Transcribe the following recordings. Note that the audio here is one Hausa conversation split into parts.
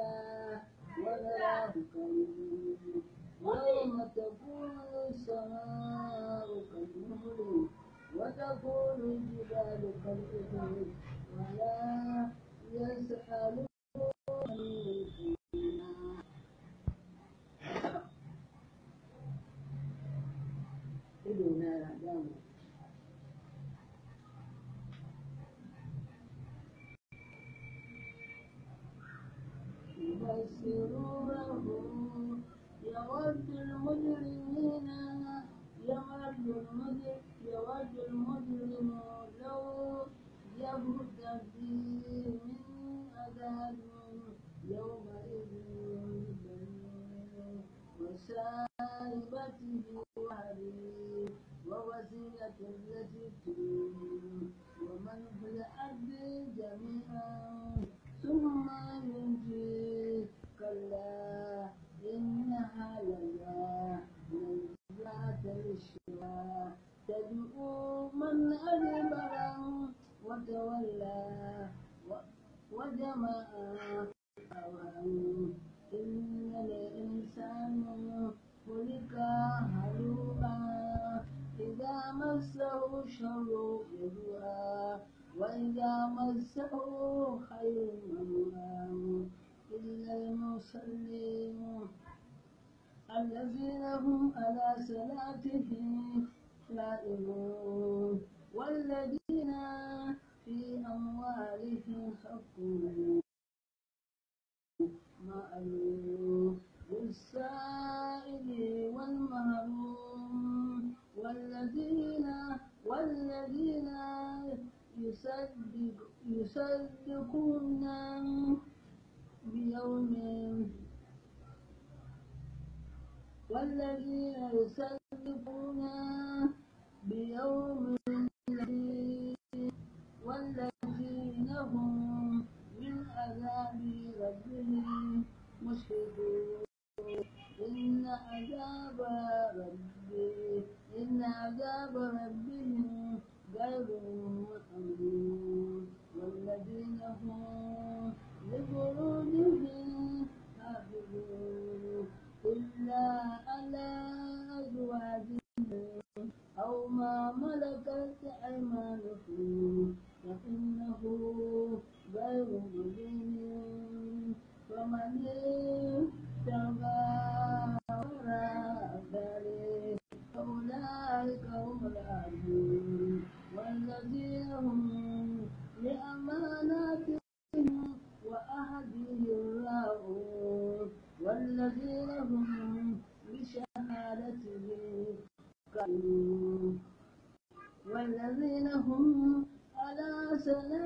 هذا ولا بقريب ويوم تكون السماء كالمهل وتكون الجبال كالإبل ولا سروره يود المجرمين يود المجرم يود لو يبرد به من عذاب يومئذ وسائبته وعليه ووسيلة التي ومن في الأرض جميعا ثم ينجي كلا إنها لنا نجاة الشرى تدعو من أدبر وتولى وجمع أوام إن الإنسان خلق هلوعا إذا مسه الشر جزوعا وإذا مسه الذين هم على صلاتهم دائمون والذين في أموالهم حق معلوم للسائل والمهروم والذين والذين يصدق يصدقون بيوم والذين يصدقون بيوم الدين والذين هم من عذاب ربهم مشركون إن عذاب ربي إن عذاب ربهم غير محمود والذين هم لفروجهم من شفاء ربي أولئك هم العادون والذين هم لأماناتهم وأهدهم راعون والذين هم بشهادتهم قائمون والذين هم على سلام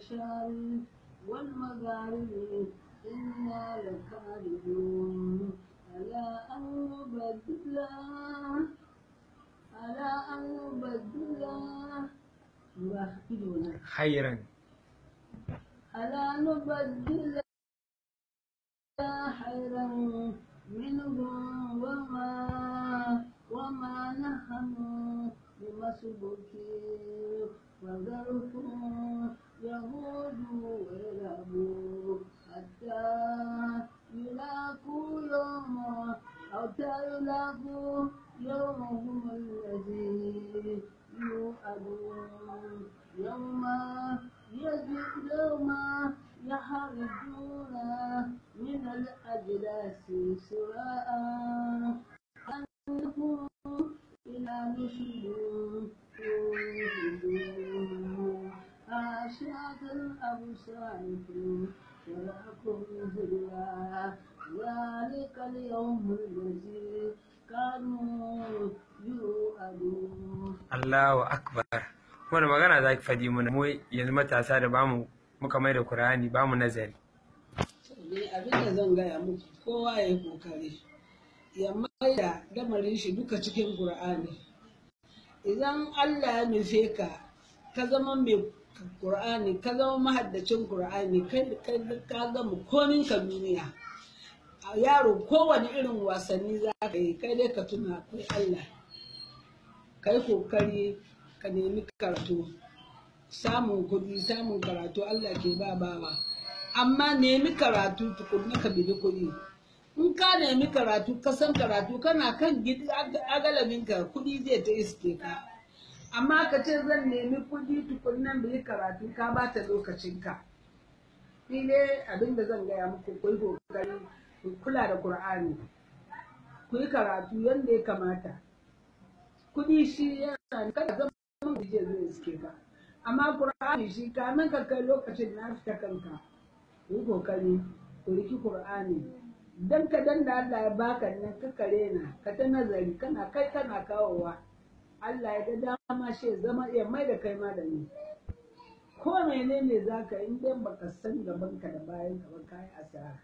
والمشارم والمغارم إنا لكاذبون ألا أن نبدل ألا أن نبدل خيرا ألا نبدل خيرا منهم وما وما نحن بمسبوكين وذركم يهود ويلعبوا حتى يلاقوا يوم أو تلاقوا يومهم الذي يوعدون يوم يجدون يخرجون من الأجلاس سواء Allahu Akbar wani magana za ki faɗi mana mu yanzu matasa da bamu muka mai da kur'ani bamu nazari abin da zan gaya muku kowa ya yi kokari ya mai da damarin shi duka cikin kur'ani idan allah ya nufe ka ka zama mai Qur'ani ka zama mahaddacin Qur'ani ka gama komin ka duniya yaro kowane irin wasanni za ka yi kai dai ka tuna kai Allah ka yi kokari ka nemi karatu samun kuɗi samun karatu Allah ke ba bawa amma nemi karatu tukunna ka bi kuɗi in ka nemi karatu ka san karatu kana kan a ka kuɗi zai ta iske ka amma ka ce zan nemi kuɗi da bai karatu ka ba ta lokacinka ni ne abin da zan gaya muku ku yi kokari ku kula da Kur'ani ku yi karatu yadda ya kamata kuɗi shi yana kada zama mun je zai iske ba. amma Kur'ani shi kamin ka kai lokacin na fita kanka ku yi kokari ku riki Kur'ani dan ka danda da Allah ya baka nan ka kare na ka ta nazari kana kai kana kawowa Allah ya ga dama shi ya zama iya mai da kai malami ko menene za ka in dai baka san gaban ka da bayan ka ba yi asara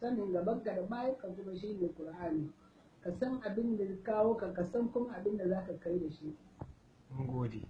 sanin gaban ka da bayan ka kuma shi ne Qur'ani ka san abin da kawo ka ka san kuma abin da za ka kai da shi mun gode